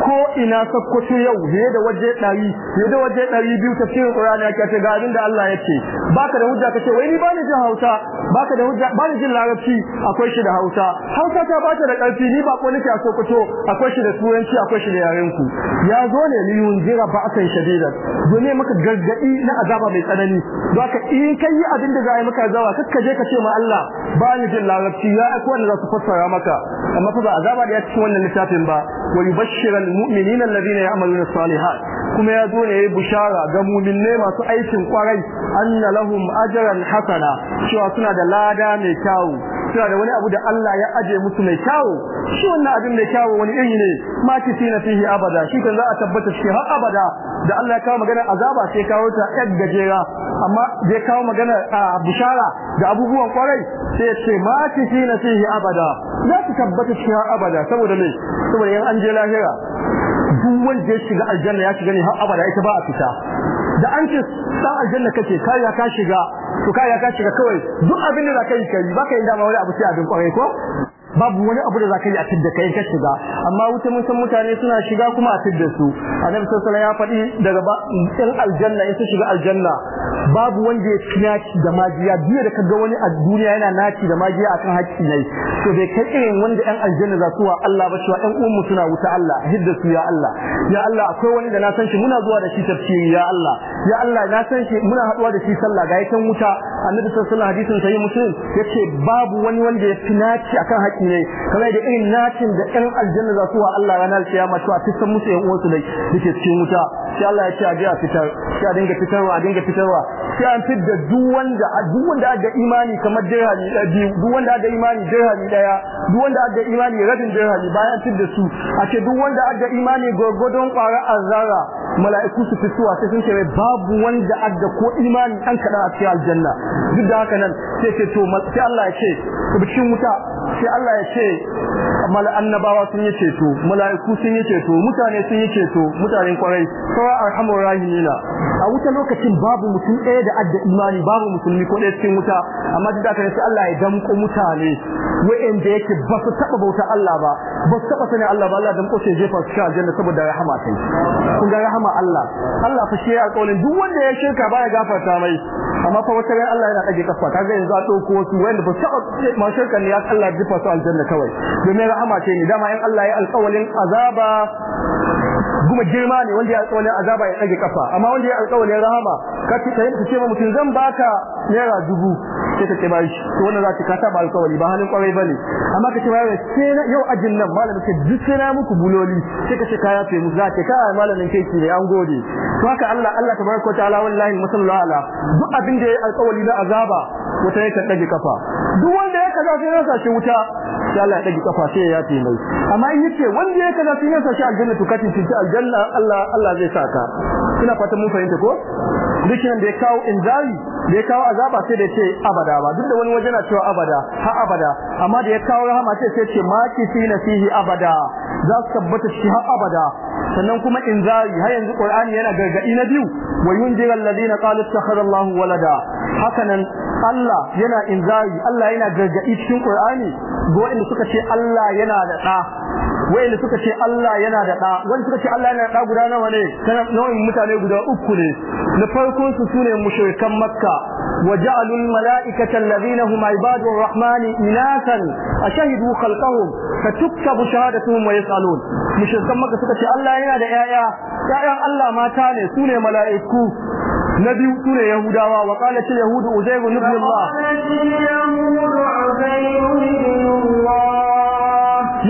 ko ina sakkwato yau fiye da waje 100 fiye da waje 200 cikin Qur'ani yake ce ga abin da Allah yake baka da hujja kace wai ni ba ni jin Hausa baka da hujja ba ni jin Larabci akwai shi da Hausa Hausa ta bata da karfi ni ba ko nake a sokoto akwai shi da Turanci akwai shi da yaren ku ya zo ne ni jira ba ba'san shadida dole maka gargadi na azaba mai tsanani zaka in kai abin da za a yi maka zawa je ka ce ma Allah ba ni jin larabci ya aiko wanda za su fassara maka amma fa ba azaba da ya cikin wannan littafin ba wa yubashshiral mu'minina alladhina ya'maluna salihat kuma ya zo ne bushara ga mu'minne masu aikin kwarai anna lahum ajran hasana cewa suna da lada mai kyau suna da wani abu da Allah ya aje musu mai kyawu shi wannan abin mai kyawu wani iri ne ma kisina fihi abada shi kan za a tabbata shi har abada da Allah ya kawo magana azaba sai kawo ta yar gajera amma zai kawo magana a bishara da abubuwan kwarai sai ya ce ma kisina fihi abada za su tabbata shi har abada saboda me saboda yan an je lahira duk wanda ya shiga aljanna ya shiga ne har abada ita ba a fita da an ce sa aljanna kake kai ya ka shiga to kaga ka shiga kawai duk abin da zaka yi kai baka yin dama wani abu sai abin kwarai ko babu wani abu da zaka yi a tidda kai ka shiga amma wuce mun san mutane suna shiga kuma a tidda su annabi sallallahu ya faɗi daga ɗan aljanna in su shiga aljanna babu wanda ya ci da magiya biye da kaga wani a duniya yana naci da magiya akan hakki ne to bai kai irin wanda ɗan aljanna za su wa Allah ba wa ɗan ummu suna wuta Allah hidda su ya Allah ya Allah akwai wani da na san shi muna zuwa da shi tafsiri ya Allah ya Allah na san shi muna haduwa da shi sallah ga yakan wuta annabi sallallahu alaihi hadisin sahih muslim yace babu wani wanda ya tunaci akan haƙi ne kamar da irin nacin da ɗan aljanna za su wa Allah ranar kiyama to a cikin musu yan uwansu ne yake cikin wuta sai Allah ya ce a a fitar sai a dinga fitarwa a dinga fitarwa sai an fidda duk wanda duk wanda da imani kamar hali da biyu duk wanda da imani hali daya duk wanda da imani rabin hali bayan fidda su a ce duk wanda da imani gogodon kwara azara mala'iku su fitowa sai sun ce babu wanda adda ko imani an kada a cikin aljanna duk da haka nan sai ce to sai Allah ya ce cikin wuta sai Allah ya ce amma annabawa sun yi ceto mala'iku sun yi ceto mutane sun yi ceto mutanen kwarai sawa arhamur rahimina a wuta lokacin babu mutum ɗaya da adda imani babu musulmi ko ɗaya cikin wuta amma duk da haka sai Allah ya damko mutane wa'anda yake ba su taba bauta Allah ba ba su taba sani Allah ba Allah damko sai jefa su cikin aljanna saboda rahama sai kun ga ma Allah Allah fa shi ya alƙawarin duk wanda ya shirka baya gafarta mai amma fa wata ran Allah yana kage kafa kaga yanzu a ko su, wanda ba su taɓa ma shirka ne ya Allah fa su aljanna kawai domin rahama ce ne dama in Allah ya alƙawarin azaba kuma girma ne wanda ya alƙawarin azaba ya kage kafa amma wanda ya alƙawarin rahama ka ce kai ce ma mutum zan baka naira dubu sai ka ce ba shi to wannan za ka saba alƙawari ba halin kwarai bane amma ka ce ba sai yau ajin nan malamin ka duk sai na muku buloli sai ka ce kaya fe mu za ka malamin kai ne an gode to haka Allah Allah tabaraka ta'ala wallahi musallu ala duk abin da yayi alƙawari na azaba wuta yake dage kafa duk wanda ya kaza sai ya shi wuta sai Allah ya dage kafa sai ya yafe mai amma in yace wanda ya kaza sai ya shi aljanna to kace cikin aljanna Allah Allah zai saka ina fatan mun fahimta ko dukkan da ya kawo inzali da ya kawo azaba sai da ce abada ba duk da wani waje na cewa abada ha abada amma da ya kawo rahama sai sai ce ma kisi na nasihi abada za su tabbata shi ha abada sannan kuma inzari har yanzu qur'ani yana gargadi na biyu wa yunjiral ladina qalu takhadallahu walada hakanan Allah yana inzari Allah yana gargadi cikin qur'ani ga wanda suka ce Allah yana da da wanda suka ce Allah yana da da wanda suka ce Allah yana da da guda nawa ne nau'in mutane guda uku ne na farkon su sune mushrikan makka وجعلوا الملائكة الذين هم عباد الرحمن إناثا أشهدوا خلقهم فتكتب شهادتهم ويسألون مشركان Makka suka ce Allah yana da yaya yayan Allah mata ne sune mala'iku na biyu sune yahudawa wa qalat al yahud uzayr ibn Allah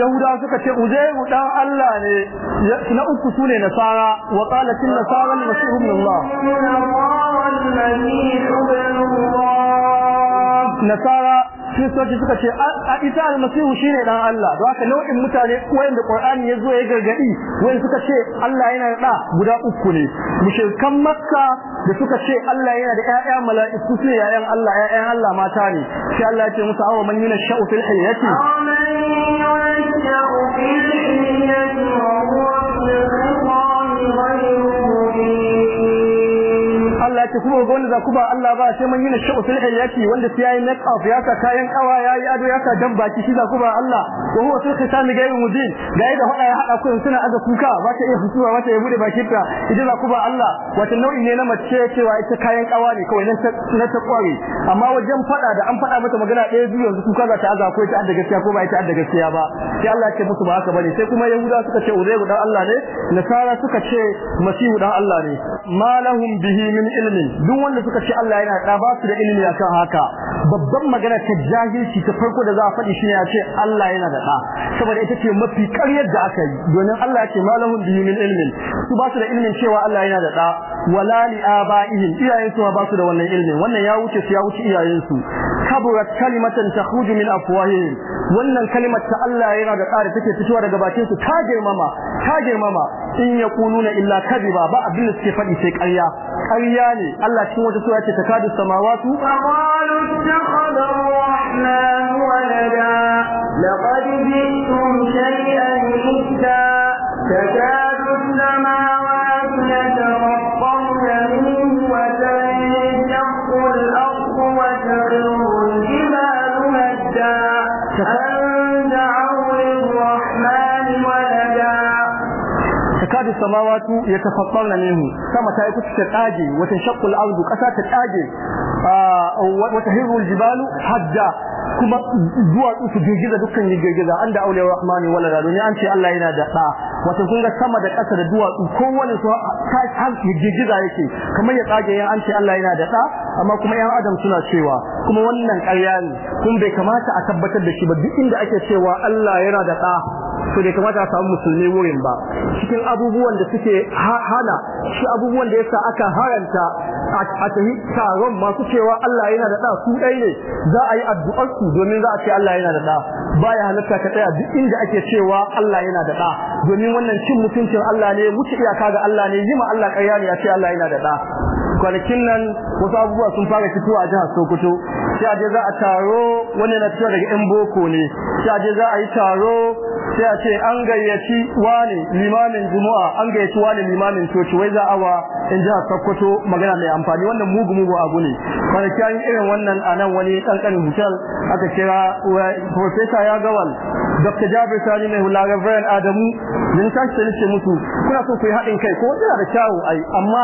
yahuda suka ce uzayr dan Allah ne na uku sune nasara wa qalat al nasara al masih ibn Allah nasara kristoci suka ce a isa almasihu shine dan Allah don haka nau'in mutane wayanda qur'ani ya zo ya gargadi wayanda suka ce Allah yana da guda uku ne mushrikan makka da suka ce Allah yana da ƴaƴa mala'iku ne ƴaƴan Allah ƴaƴan Allah mata ne sai Allah ya ce musu awa man yunashu fil hayati awa man yunashu fil hayati ce kuma ga wanda za ku ba Allah ba sai man yana shabu sulhi yake wanda sai yayi make up ya sa kayan kawa yayi ado ya sa dan baki shi za ku Allah wa huwa fi khitam ghayr mubin da yadda hada ya hada ku suna aza kuka ba ta iya fituwa ba ta iya bude bakin ta idan za ku ba Allah wata nau'i ne na mace cewa ita kayan kawa ne kawai nan na ta kware amma wajen fada da an fada mata magana ɗaya biyu yanzu kuka za ta aza ko ita adda gaskiya ko ba ita adda gaskiya ba sai Allah ya ce musu ba haka bane sai kuma yahuda suka ce ure dan Allah ne nasara suka ce masihu dan Allah ne malahum bihi min ilmin duk wanda suka ce Allah yana da ba su da ilimi akan haka babban magana ta jahilci ta farko da za a faɗi shine a ce Allah yana da da saboda ita ce mafi ƙaryar da aka yi domin Allah ya ce malamun bihi min ilmin su ba su da ilmin cewa Allah yana da da wala li abaihim iyayen su ba su da wannan ilmin wannan ya wuce su ya wuce iyayen su kaburat kalimatan takhruju min afwahihim wannan kalimar ta Allah yana da da take fitowa daga bakinsu ta girmama ta girmama in yaquluna illa kabi ba abin da suke faɗi sai ƙarya ƙarya ne Allah cikin wata sura ce takadu samawatu qalu takhadu لقد جئتم شيئا مثلا تكاد السماوات يترقصن منه وتنشق الأرض وتخر الجبال مدا أن دعوا للرحمن ولدا تكاد السماوات يتفطرن منه كما تايكوت تتاجي وتنشق الأرض كما تتاجي آه وتهر الجبال حجا kuma duwatsu su girgiza dukkan girgiza an da auliyar rahmani wala da don an ce Allah yana da da wato kun ga sama da ƙasa da duwatsu kowanne su har girgiza yake kamar ya tsage yan an ce Allah yana da da amma kuma yan adam suna cewa kuma wannan ƙarya ne kun bai kamata a tabbatar da shi ba duk inda ake cewa Allah yana da da to bai kamata a samu musulmi wurin ba cikin abubuwan da suke hana shi abubuwan da yasa aka haranta a tafi taron masu cewa Allah yana da ɗa su ɗai ne za a yi addu'ar su domin za a ce Allah yana da ɗa baya halatta ka tsaya duk inda ake cewa Allah yana da ɗa domin wannan cin mutuncin Allah ne wuce iyaka ga Allah ne yima Allah ƙarya ne ya ce Allah yana da ɗa kwanakin nan wasu abubuwa sun fara fitowa a jihar Sokoto sai a je za a taro wani na fito daga 'yan boko ne sai a je za a yi taro sai a ce an gayyaci wani limamin jumu'a an gayyaci wani limamin coci wai za a wa in ji a sakkwato magana mai amfani wannan mugu mugu abu ne kana an irin wannan a nan wani kankanin hotel aka kira profesa ya gawal dr jabir sani mai hula bayan adamu din tashi da nake musu kuna so ku yi haɗin kai ko yana da kyawu ai amma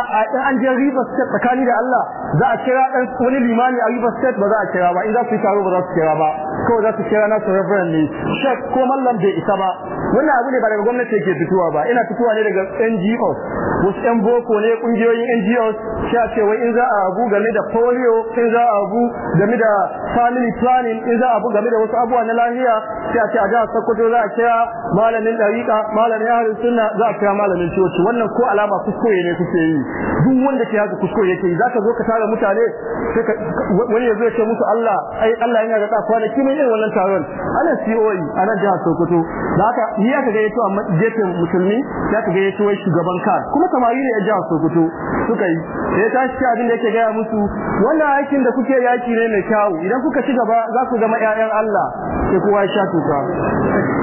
an je riba state tsakani da Allah za a kira wani limami a River state ba za a kira ba in za su yi taro ba za su kira ba kawai za su kira na su reverend ne shek ko mallam bai isa ba wannan abu ne ba daga gwamnati yake fitowa ba ina fitowa ne daga NGOs wasu yan boko ne kungiyoyin NGOs sha ce wai in za a abu game da polio in za a abu game da family planning in za a bu game da wasu abuwa na lafiya sai a ce a jihar Sokoto za a kira malamin dariqa malamin ahlus sunna za a kira malamin coci wannan ko alama kuskoye ne kuke yi duk wanda ke haka kuskure yake yi zaka zo ka tara mutane sai ka wani ya zo ya ce musu Allah ai Allah yana da da kwanaki mun irin wannan taron ana COE ana jihar Sokoto zaka ni aka ga yato amma jefe musulmi ka ga yato shugaban kan kuma samari ne ya jihar Sokoto suka yi sai ta shi abin da yake gaya musu wannan aikin da kuke yaki ne mai kyau idan idan kuka ci gaba za ku zama ƴaƴan Allah sai kowa sha tuka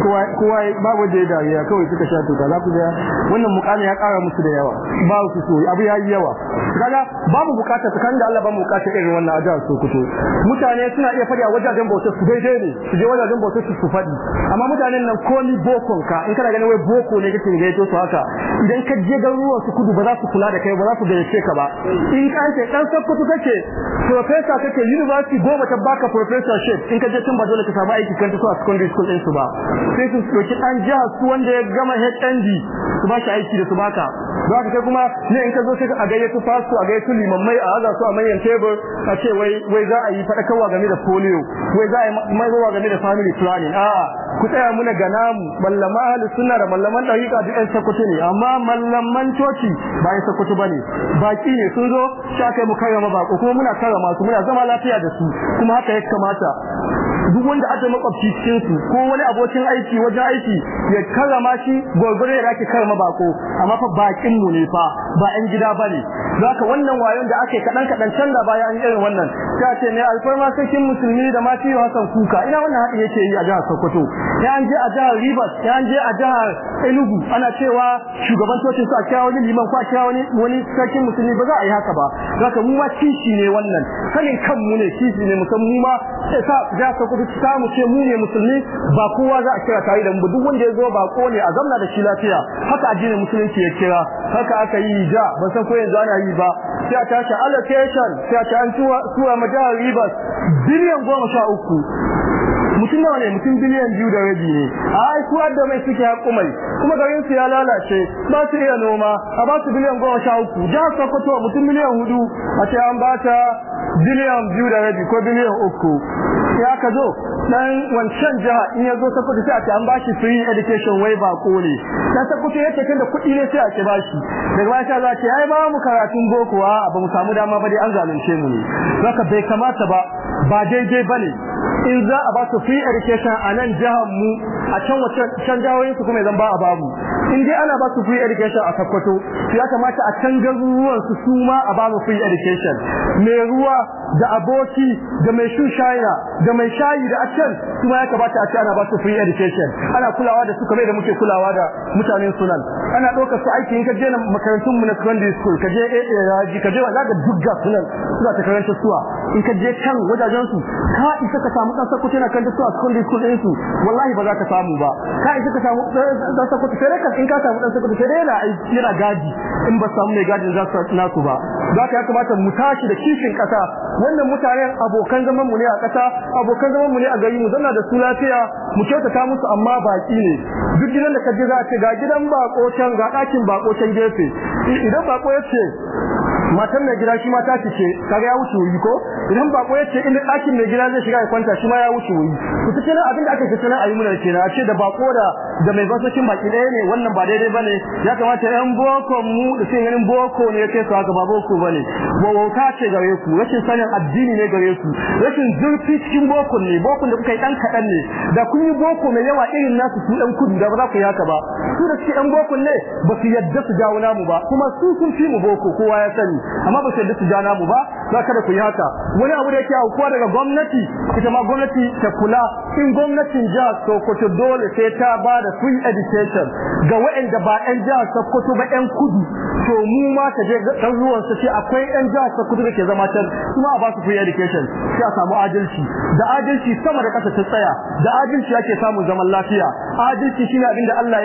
kowa kowa babu da dariya kawai suka sha tuka za ku ga wannan mukami ya ƙara musu da yawa ba su so abu ya yi yawa kaga babu bukata su da Allah ba mu bukata irin wannan aja su kuto mutane suna iya fadi a wajajen bautar su daidai ne su je wajajen bautar su su fadi amma mutanen nan komi bokon ka in kana ganin wai boko ne kake ga yato su haka idan ka je garuruwa su kudu ba za su kula da kai ba za su gayyace ka ba in ka ce dan sakkutu kake professor kake university goma ta baka professorship in ka je tun ba dole ka samu aiki kan su a secondary school din su ba sai su doki dan jiha su wanda ya gama HND su ba shi aiki da su baka za ka kai kuma ne in ka zo sai a gayyato fasu a gayyato limammai a haza su a manyan tebur a ce wai wai za a yi fadakarwa game da polio wai za a yi mai game da family planning a'a ku tsaya muna ga namu mallama ahli sunna da mallaman dariqa duk ɗan sakutu ne amma mallaman coci ba ɗan sakutu bane baki ne sun zo sha kai mu karrama bako kuma muna karama su muna zama lafiya da su kuma haka ya kamata duk wanda aka makwabci cikin su ko wani abokin aiki wajen aiki ya karama shi gurgure ya ake karama bako amma fa bakin mu ne fa ba ɗan gida ba bane zaka wannan wayon da ake kaɗan kaɗan canza baya an irin wannan ta ce ne alfarma sakin musulmi da mati Hassan Kuka ina wannan haɗi yake yi a jihar Sokoto ya an je a jihar Rivers ya an je a jihar Enugu ana cewa shugaban tocin su a kira wani liman ko a kira wani musulmi ba za a yi haka ba zaka mu ma kishi ne wannan sanin kanmu ne kishi ne musamman mu ma sai sa jihar Sokoto mu fi samu ce mu ne musulmi ba kowa za a kira tare da mu duk wanda ya zo ba ko ne a zamna da shi lafiya haka addinin musulunci ya kira haka aka yi ja ban san ko yanzu ana yi ba sai a tashi allocation sai a tashi an tuwa tuwa ribas biliyan goma sha uku mutum nawa ne mutum biliyan biyu da rabi ne ai su da mai suke hakumai kuma garin su ya lalace ba su iya noma a ba su biliyan goma sha uku jihar sokoto mutum miliyan hudu a ce an ba ta biliyan biyu da rabi ko biliyan uku ya aka zo dan wancan jiha in ya zo sakudu sai a ce an bashi free education wai ba ko ne dan sakudu yake kin da kuɗi ne sai a ce bashi daga baya sai za ce ai ba mu karatun boko ba mu samu dama ba dai an zalunce mu ne zaka bai kamata ba ba daidai bane in za a ba su free education a nan jihar mu a can wace can jawoyin su kuma zan ba a babu in dai ana ba su free education a Sokoto ya kamata a can garuruwan su su ma a ba mu free education mai ruwa da aboki da mai shu da mai shayi da su ma ya kamata a ce ana ba su free education ana kulawa da su kamar da muke kulawa da mutanen sunan ana dokar su aiki in ka je makarantun mu na secondary school ka je AA ji ka je wa da dukka sunan suna ta karanta suwa in ka je can wajajen su ka isa ka samu kan sakwato na su suwa secondary school din su wallahi ba za ka samu ba ka in ka samu dan sakuta sai ka in ka samu dan sakuta sai yana yana gadi in ba samu mai gadin za su na nasu ba zaka ya kamata mu tashi da kishin kasa wannan mutanen abokan zaman mu ne a kasa abokan zaman mu ne a gari mu zanna da su lafiya mu kyautata musu amma baki ne duk gidan da ka je za a ce ga gidan bako can ga dakin bako can gefe idan bako ya ce matan mai gida shi ma ta ce kaga ya wuce wuri ko idan bako yace ce inda ɗakin mai gida zai shiga ya kwanta shi ma ya wuce wuri ku ta kenan abinda aka ce nan ayi muna kenan a ce da bako da da mai basokin baki ɗaya ne wannan ba daidai bane ya kamata yan boko mu da sai ganin boko ne ya kai su haka ba boko bane wauta ce gare ku rashin sanin addini ne gare ku rashin zurfi cikin boko ne boko da kuka yi dan kaɗan ne da kun yi boko mai yawa irin nasu su ɗan kudu da ba za ku yi haka ba su da suke yan bokun ne ba su yadda su jawo namu ba kuma su sun fi mu boko kowa ya sani amma ba su yadda su jawo namu ba za da ku yi haka wani abu da yake aukuwa daga gwamnati ita ma gwamnati ta kula in gwamnatin jihar Sokoto dole sai ta ba da free education ga waɗanda ba 'yan jihar Sokoto ba 'yan kudu to mu ma ka je ɗaruruwan su ce akwai 'yan jihar Sokoto da ke zama can kuma a ba su free education sai a samu adalci da adalci sama da ƙasa ta tsaya da adalci ake samun zaman lafiya adalci shine abinda Allah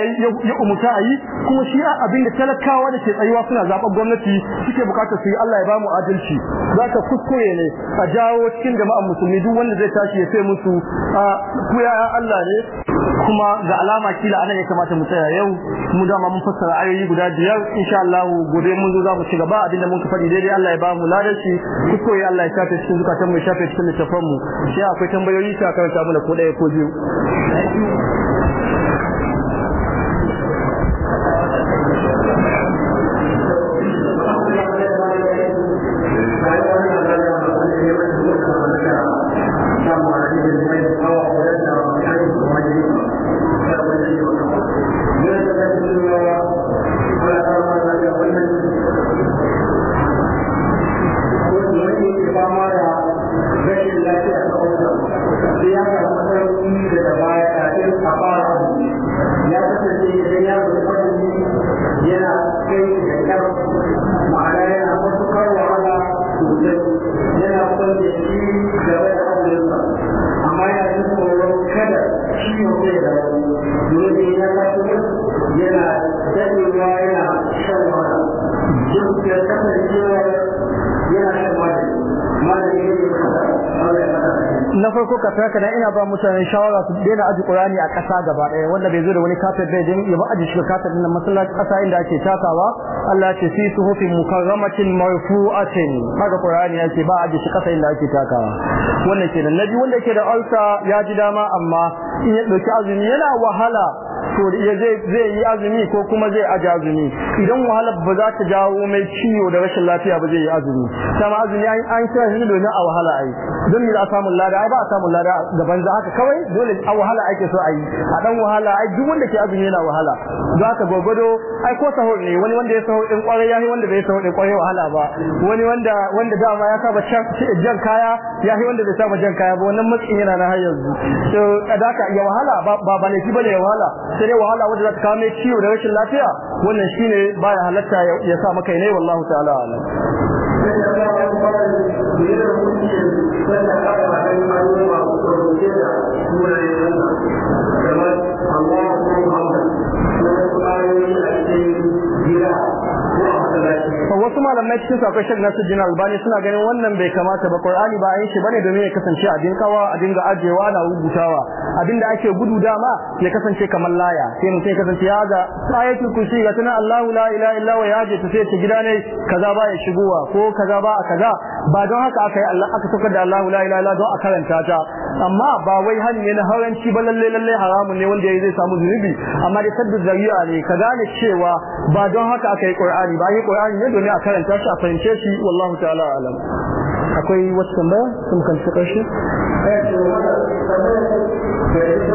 ya umuta a yi kuma shi abinda talakawa da ke tsayuwa suna zaɓar gwamnati suke bukatar su yi Allah ya ba mu adalci zaka kuskure ne a jawo cikin jama'an musulmi duk wanda zai tashi ya sai musu a kuya Allah ne kuma ga alama kila anan ya kamata mu tsaya yau mu dama mun fassara ayoyi guda biyar insha Allah gobe mun zo za mu ci gaba abinda mun faɗi daidai Allah ya ba mu ladan shi kuskure Allah ya shafe cikin zukatan mu shafe cikin littafan mu sai akwai tambayoyi ta karanta mana ko ɗaya ko biyu da da baya kafin a fara ya kasance idan ya zo yana kai da kyar ma'ana yana matukar wahala sosai yana shi gaba da abubuwa amma yana jin tsoron kada shi ya kai da wani ya kasu yana daɗewa yana shan wahala yana shan wahala na farko ka taka na ina ba mutane shawara su daina aji Qur'ani a ƙasa gaba ɗaya wanda bai zo da wani kafir bai je ya ba aji shi kafir din masallaci ƙasa inda ake takawa Allah ya ce fi suhufin mukarramatin marfu'atin kaga Qur'ani yake ba aji shi ƙasa inda ake takawa wannan kenan nabi wanda ke da alsa ya ji dama amma in ya dauki azumi yana wahala to zai yi azumi ko kuma zai aji azumi idan wahala ba za ta jawo mai ciwo da rashin lafiya ba zai yi azumi sama azumi an kira shi domin a wahala ai don me a samu lada ai ba a samu lada da banza haka kawai dole a wahala ake so ai a dan wahala ai duk wanda ke azumi yana wahala za ka gogodo ai ko sahur ne wani wanda ya sahur din kwarai yi wanda bai sahur din kwarai wahala ba wani wanda wanda dama ya saba jan kaya yi wanda bai saba jan kaya ba wannan matsin yana na har yanzu to kada ka ya wahala ba ba ne ki bane ya wahala sai ne wahala wanda za ta kawo ciwo da rashin lafiya wannan shine baya halatta ya sa maka ne wallahu ta'ala alam wasu malamai cikin sakon akwai nasu albani suna ganin wannan bai kamata ba qur'ani ba a yin shi bane domin ya kasance a dinkawa a dinga ajiyewa na rubutawa abinda ake gudu dama ya kasance kamar laya sai mutum ya kasance ya ga ayatul kursi ga tana Allahu la ilaha illa huwa yaje ta sai ta gida ne kaza ba ya shigowa ko kaza ba a kaza ba don haka aka yi Allah aka saka da Allahu la ilaha illa don a karanta ta amma ba wai har ne na haranci ba lalle lalle haramun ne wanda zai samu zunubi amma da saddu zariya ne kaza ne cewa ba don haka aka yi Qur'ani ba yi Qur'ani ne don a karanta shi a fahimce shi wallahu ta'ala alam akwai wata tambaya sun kan eh, shi ban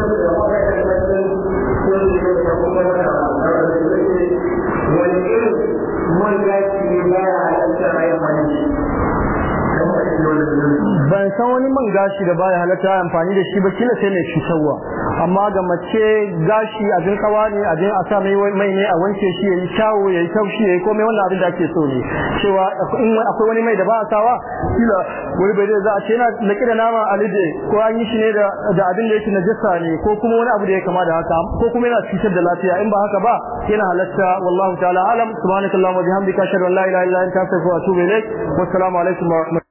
san wani man gashi da baya halatta amfani da shi ba kila sai mai cutarwa amma ga mace gashi abin kawa ne abin a sa mai ne a wanke shi yayi kyawu yayi taushi yayi komai wannan abin da ake so ne cewa in akwai wani mai da ba a sawa kila wani bai da za a ce na yana da nama alide ko an yi shi ne da abin da yake najasa ne ko kuma wani abu da ya kama da haka ko kuma yana cutar da lafiya in ba haka ba yana halatta wallahu ta'ala alam subhanakallahumma bihamdika ashhadu an la ilaha illa anta astaghfiruka wa atubu ilaik wassalamu alaikum wa